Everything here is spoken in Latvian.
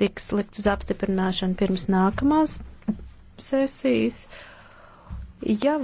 tiks likt uz apstiprināšanu pirms nākamās sesijas. Ja